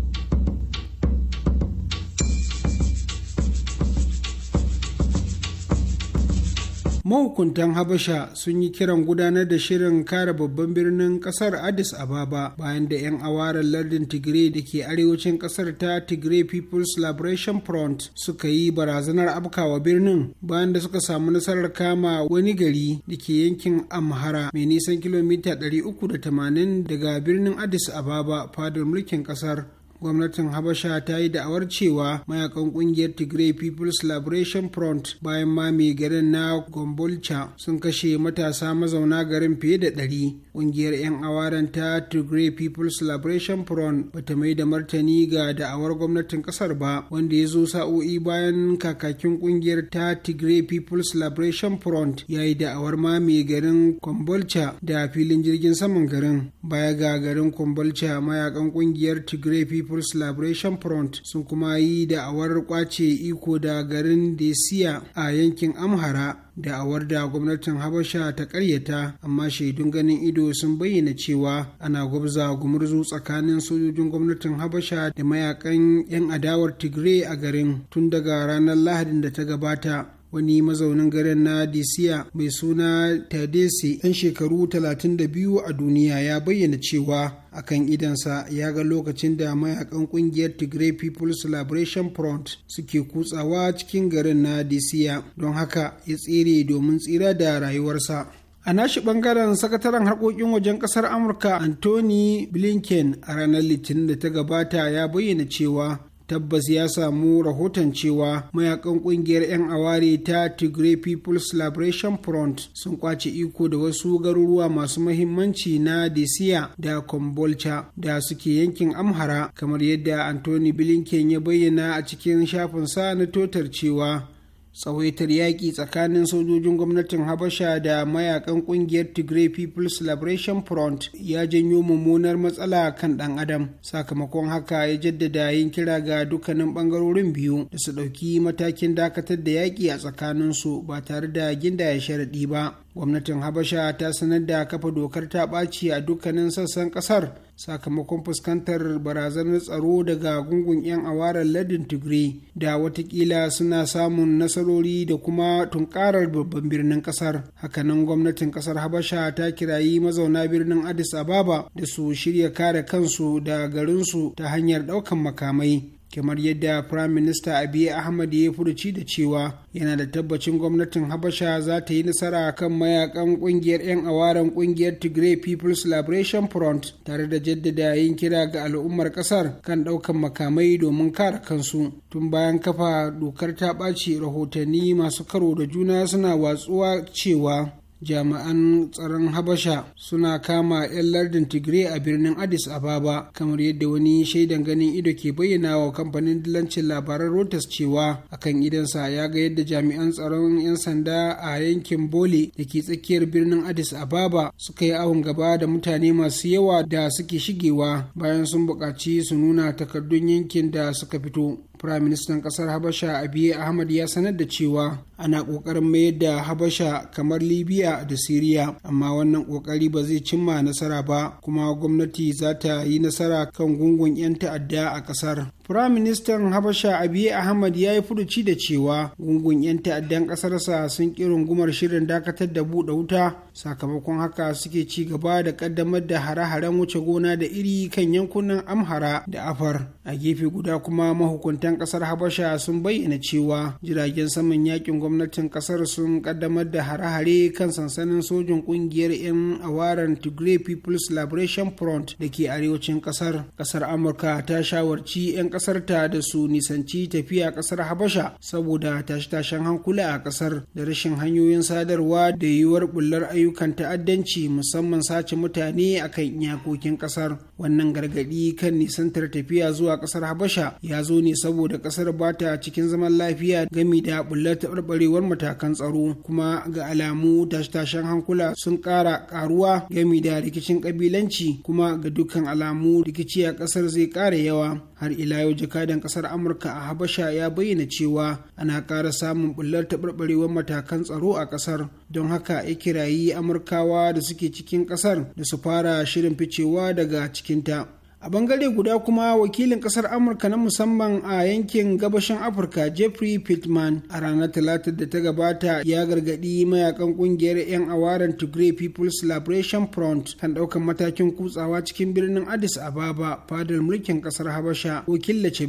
E: mahukuntan habasha sun yi kiran gudanar da shirin kare babban birnin kasar addis ababa bayan da 'yan awarar lardin tigray da ke arewacin kasar ta tigray people's liberation front suka yi barazanar abkawa birnin bayan da suka samu nasarar kama wani gari da ke yankin amhara mai nisan kilomita 380 daga birnin addis ababa fadar mulkin kasar gwamnatin habasha ta yi da'awar cewa mayakan kungiyar tigray people's liberation front bayan mai garin na gombolcha sun kashe matasa mazauna garin fiye da ɗari kungiyar 'yan awaren ta tigray people's liberation front bata mai da martani ga da'awar gwamnatin kasar ba wanda ya zo sa'o'i bayan kakakin kungiyar ta tigray people's liberation front ya yi da'awar mame garin kombolcha da filin jirgin saman garin baya ga garin kombolcha mayakan kungiyar tigray people's people's liberation front sun kuma yi da'awar kwace iko da garin desiya a yankin amhara da'awar da gwamnatin habasha ta karyata amma shaidun ganin ido sun bayyana cewa ana gwabza gumurzu tsakanin sojojin gwamnatin habasha da mayakan 'yan adawar tigray a garin tun daga ranar lahadin da ta gabata wani mazaunin garin na disiya mai suna tadesi ɗan shekaru 32 a duniya ya bayyana cewa akan idansa ya ga lokacin da mayakan kungiyar Tigray People's Liberation Front suke kutsawa cikin garin na disiya don haka ya tsere domin tsira da rayuwarsa a nashi bangaren sakataren harkokin wajen kasar amurka anthony blinken a ranar litinin da ta gabata ya bayyana cewa tabbas ya samu rahoton cewa mayakan kungiyar 'yan aware ta Tigray People's Liberation Front sun kwace iko da wasu garuruwa masu mahimmanci na Desiya da Kombolcha da suke yankin Amhara kamar yadda Anthony Blinken ya bayyana a cikin shafinsa na totar cewa tsawaitar yaƙi tsakanin sojojin gwamnatin habasha da mayakan ƙungiyar tigray people's liberation front ya janyo mummunar matsala kan ɗan adam sakamakon haka ya jaddada yin kira ga dukkanin ɓangarorin biyu da su ɗauki matakin dakatar da yaƙi a tsakaninsu ba tare da gindaya sharaɗi ba gwamnatin habasha ta sanar da kafa dokar ta ɓaci a dukkanin sassan ƙasar sakamakon fuskantar barazanar tsaro daga gungun 'yan awarar ladin tigray da watakila suna samun nasarori da kuma tunkarar babban birnin kasar hakanan gwamnatin kasar habasha ta kirayi mazauna birnin addis ababa da su shirya kare kansu da garinsu ta hanyar ɗaukan makamai kamar yadda Prime Minister Abiy Ahmad ya furuci da cewa yana da tabbacin gwamnatin Habasha za ta yi nasara kan mayakan kungiyar 'yan awaren kungiyar Tigray People's Liberation Front tare da jaddada yin kira ga al'ummar kasar kan daukan makamai domin kare kansu tun bayan kafa dokar ta ɓaci rahotanni masu karo da juna suna watsuwa cewa jami'an tsaron habasha suna kama 'yan lardin tigray a birnin addis ababa kamar yadda wani shaidan ganin ido ke bayyana wa kamfanin dillancin labaran Rotas cewa akan idansa ya ga yadda jami'an tsaron 'yan sanda a yankin bole da ke tsakiyar birnin addis ababa suka yi awon gaba da mutane masu yawa da suke shigewa bayan sun buƙaci su nuna takardun yankin da suka fito Firaministan ƙasar Habasha Abiy Ahmad ya sanar da cewa ana ƙoƙarin mayar da Habasha kamar Libya da Siriya, amma wannan ƙoƙari ba zai cimma nasara ba, kuma gwamnati za ta yi nasara kan gungun 'yan ta'adda a ƙasar. Firaministan Habasha Abiy Ahmad ya yi furuci da cewa gungun 'yan ta'addan ƙasarsa sun ƙi rungumar shirin dakatar da buɗe wuta sakamakon haka suke ci gaba da ƙaddamar da hare-haren wuce gona da iri kan yankunan Amhara da Afar. A gefe guda kuma mahukuntan ƙasar Habasha sun bayyana cewa jiragen saman yakin gwamnatin ƙasar sun ƙaddamar da hare-hare kan sansanin sojin ƙungiyar 'yan awaran Tigray People's Liberation Front da ke arewacin ƙasar. Ƙasar Amurka ta shawarci 'yan ƙasarta da su nisanci tafiya kasar habasha saboda tashe-tashen hankula a kasar da rashin hanyoyin sadarwa da yiwuwar bullar ayyukan ta'addanci musamman sace mutane a kan iyakokin ƙasar wannan gargaɗi kan nisantar tafiya zuwa kasar habasha ya zo ne saboda ƙasar ba ta cikin zaman lafiya gami da bullar taɓarɓarewar matakan tsaro kuma ga alamu tashe-tashen hankula sun ƙara ƙaruwa gami da rikicin ƙabilanci kuma ga dukkan alamu rikici a ƙasar zai ƙara yawa har ila yau jakadan kasar amurka a habasha ya bayyana cewa ana ƙara samun bullar taɓarɓarewar matakan tsaro a ƙasar don haka ya kirayi amurkawa da suke cikin ƙasar da su fara shirin ficewa daga cikinta a bangare guda kuma wakilin kasar amurka na musamman a yankin gabashin afirka jeffrey pittman a ranar talata da ta gabata ya gargadi mayakan kungiyar 'yan awaren tigray people's liberation front kan daukan matakin kutsawa cikin birnin addis ababa fadar mulkin kasar habasha ko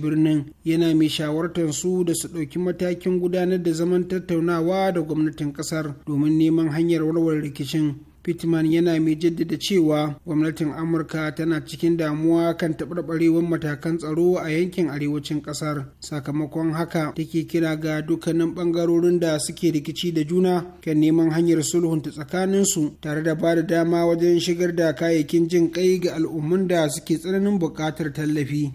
E: birnin yana mai shawartar su da su ɗauki matakin gudanar da zaman tattaunawa da gwamnatin kasar domin neman hanyar warware rikicin pittman yana mai jaddada cewa gwamnatin amurka tana cikin damuwa kan taɓarɓarewar matakan tsaro a yankin arewacin ƙasar sakamakon haka take kira ga dukkanin ɓangarorin da suke rikici da juna kan neman hanyar sulhunta tsakaninsu tare da ba da dama wajen shigar da kayayyakin jin kai ga al'ummun da suke tsananin buƙatar tallafi.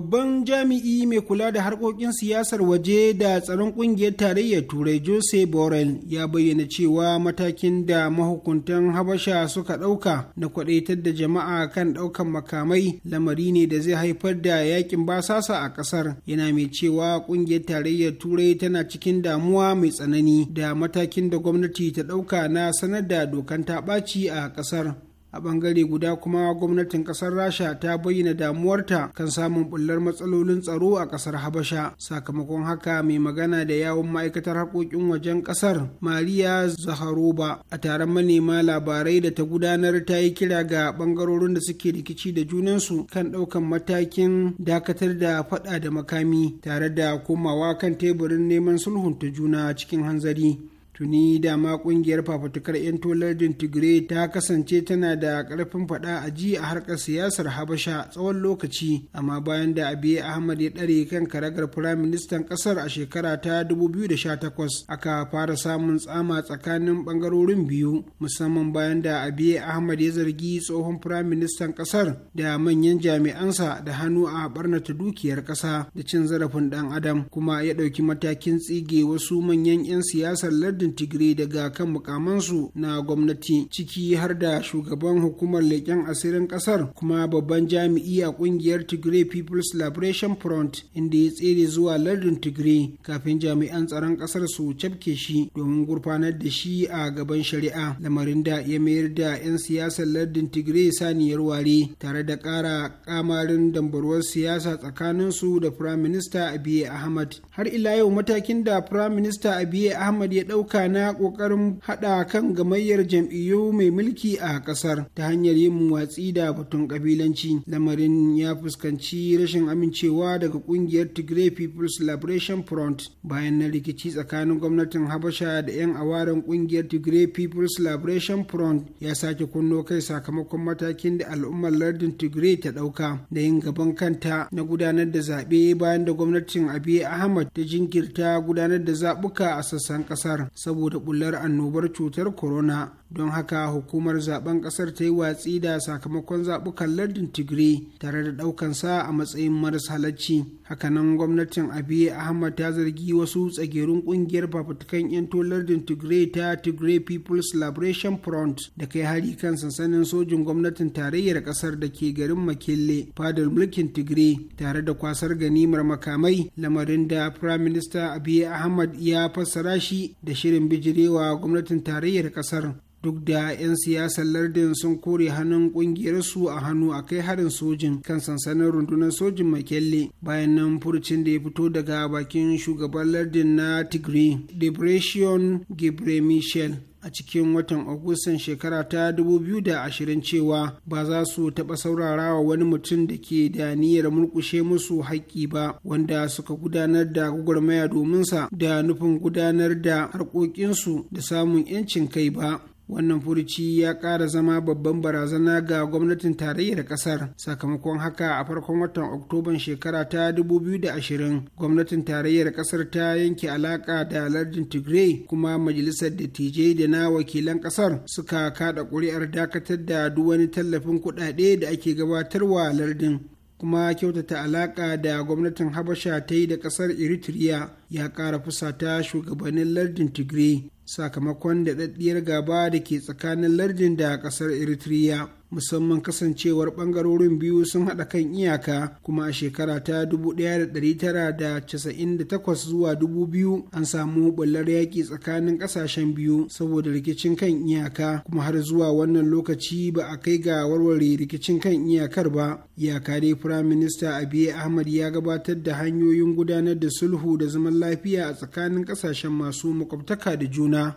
E: babban jami'i mai kula da harkokin siyasar waje da tsaron kungiyar tarayyar turai jose borrell ya bayyana cewa matakin da mahukuntan habasha suka ɗauka na kwadaitar da jama'a kan ɗaukan makamai lamari ne da zai haifar da yakin basasa a ƙasar yana mai cewa kungiyar tarayyar turai tana cikin damuwa mai tsanani da matakin da gwamnati ta ɗauka na sanar da dokan ta ɓaci a ƙasar a ɓangare guda kuma gwamnatin ƙasar rasha ta bayyana damuwarta kan samun bullar matsalolin tsaro a ƙasar habasha sakamakon haka mai magana da yawon ma'aikatar haƙoƙin wajen ƙasar mariya zaharoba a taron manema labarai da ta gudanar ta yi kira ga ɓangarorin da suke rikici da junansu kan ɗaukan matakin dakatar da faɗa da makami tare da komawa kan teburin neman sulhun ta juna cikin hanzari tuni da ma kungiyar fafutukar 'yan tolardin tigray ta kasance tana da karfin fada a ji a harkar siyasar habasha tsawon lokaci amma bayan da abiy ahmad ya dare kan karagar firaministan kasar a shekara ta 2018 aka fara samun tsama tsakanin bangarorin biyu musamman bayan da abiy ahmad ya zargi tsohon firaministan kasar da manyan jami'ansa da hannu a barnata dukiyar kasa da cin zarafin dan adam kuma ya dauki matakin tsige wasu manyan 'yan siyasar lardin lardin tigray daga kan mukamansu na gwamnati ciki har da shugaban hukumar leƙen asirin ƙasar kuma babban jami'i a ƙungiyar tigray people's liberation front inda ya tsere zuwa lardin tigray kafin jami'an tsaron ƙasar su cafke shi domin gurfanar da shi a gaban shari'a lamarin da ya mayar da 'yan siyasar lardin tigray saniyar ware tare da ƙara kamarin dambarwar siyasa tsakaninsu da firaminista abiy ahmad har ila yau matakin da firaminista abiy ahmad ya ɗauka ayyuka na ƙoƙarin haɗa kan gamayyar jam'iyyu mai mulki a ƙasar ta hanyar yin watsi da batun kabilanci lamarin ya fuskanci rashin amincewa daga ƙungiyar tigray people's liberation front bayan na rikici tsakanin gwamnatin habasha da 'yan awaren ƙungiyar tigray people's liberation front ya sake kunno kai sakamakon matakin da al'ummar lardin tigray ta ɗauka da yin gaban kanta na gudanar da zaɓe bayan da gwamnatin abiy ahmad ta jinkirta gudanar da zaɓuka a sassan ƙasar saboda bullar annobar cutar corona don haka hukumar zaben kasar ta yi watsi da sakamakon zaɓukan lardin tigray tare da ɗaukansa a matsayin maras halacci hakanan gwamnatin abiy ahmad ta zargi wasu tsagerun ƙungiyar fafutukan 'yan lardin tigray ta tigray people's liberation front da kai hari kan sansanin sojin gwamnatin tarayyar kasar da ke garin Makille, fadar mulkin tigray tare da kwasar ganimar makamai lamarin da prime minister abiy ahmad ya fassara shi da shirin bijirewa gwamnatin tarayyar kasar duk da 'yan siyasar lardin sun kore hannun kungiyarsu a hannu a kai harin sojin kan sansanin rundunar sojin makelle bayan nan furcin da ya fito daga bakin shugaban lardin na tigray depression gebre michel a cikin watan agustan shekara ta 2020 cewa ba za su taɓa wa wani mutum da ke da niyyar mulkushe musu haƙƙi ba wanda suka gudanar da domin dominsa da nufin gudanar da harkokinsu da samun 'yancin kai ba wannan furuci ya ƙara zama babban barazana ga gwamnatin tarayyar ƙasar sakamakon haka a farkon watan oktoban shekara ta 2020 gwamnatin tarayyar ƙasar ta yanke alaƙa da lardin tigray kuma majalisar dattijai da na wakilan ƙasar suka kaɗa ƙuri'ar dakatar da duk wani tallafin kuɗaɗe da ake gabatarwa lardin kuma kyautata alaƙa da gwamnatin habasha ta yi da ƙasar eritrea ya ƙara fusata shugabannin lardin tigray sakamakon daɗaɗɗiyar gaba da ke tsakanin lardin da ƙasar eritrea musamman kasancewar ɓangarorin biyu sun haɗa kan iyaka kuma a shekara ta 1998 zuwa 2000 an samu bullar yaƙi tsakanin ƙasashen biyu saboda rikicin kan iyaka kuma har zuwa wannan lokaci ba a kai ga warware rikicin kan iyakar ba iyaka dai firaminista abiy ahmad ya gabatar da hanyoyin gudanar da sulhu da zaman lafiya a tsakanin ƙasashen masu makwabtaka da juna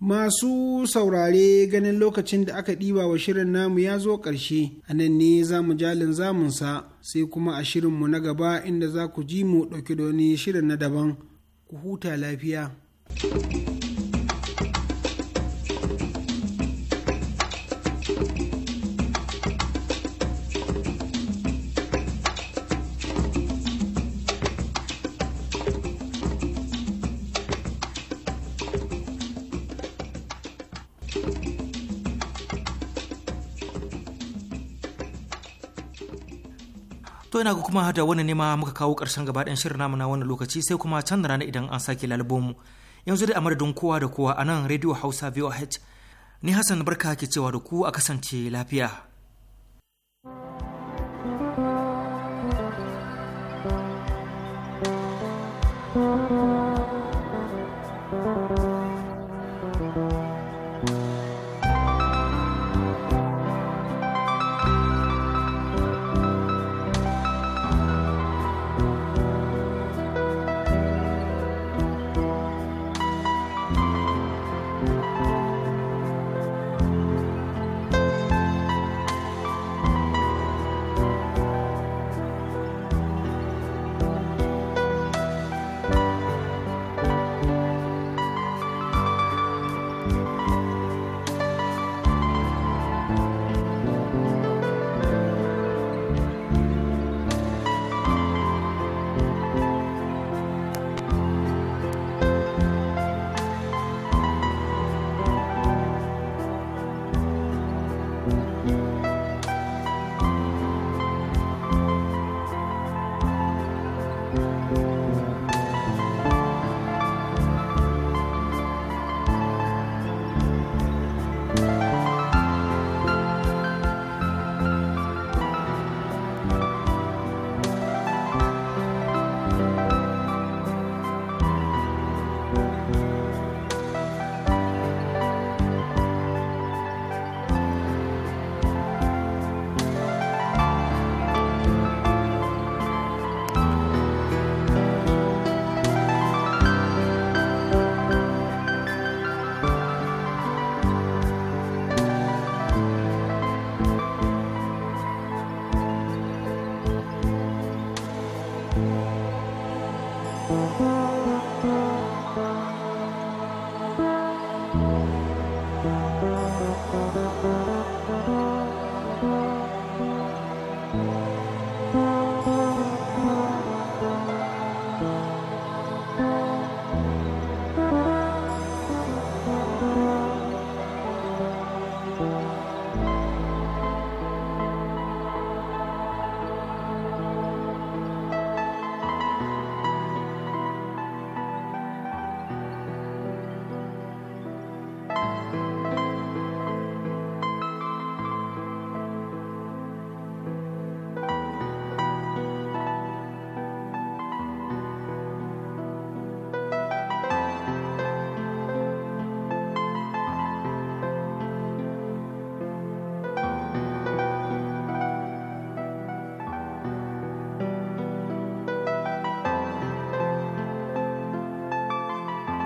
E: Masu saurare ganin lokacin da aka ɗiba wa shirin namu ya zo ƙarshe, a nan ne za mu jalin zamunsa sai kuma a mu na gaba inda za ku ji mu ɗauki da wani shirin na daban, ku huta lafiya.
A: yana ga kuma hada wani nema muka kawo karshen gaba ɗan shirin namu na wannan lokaci sai kuma can rana idan an sake mu yanzu dai a madadin kowa da kowa a nan radio hausa voh ni hassan barka ke cewa da ku a kasance lafiya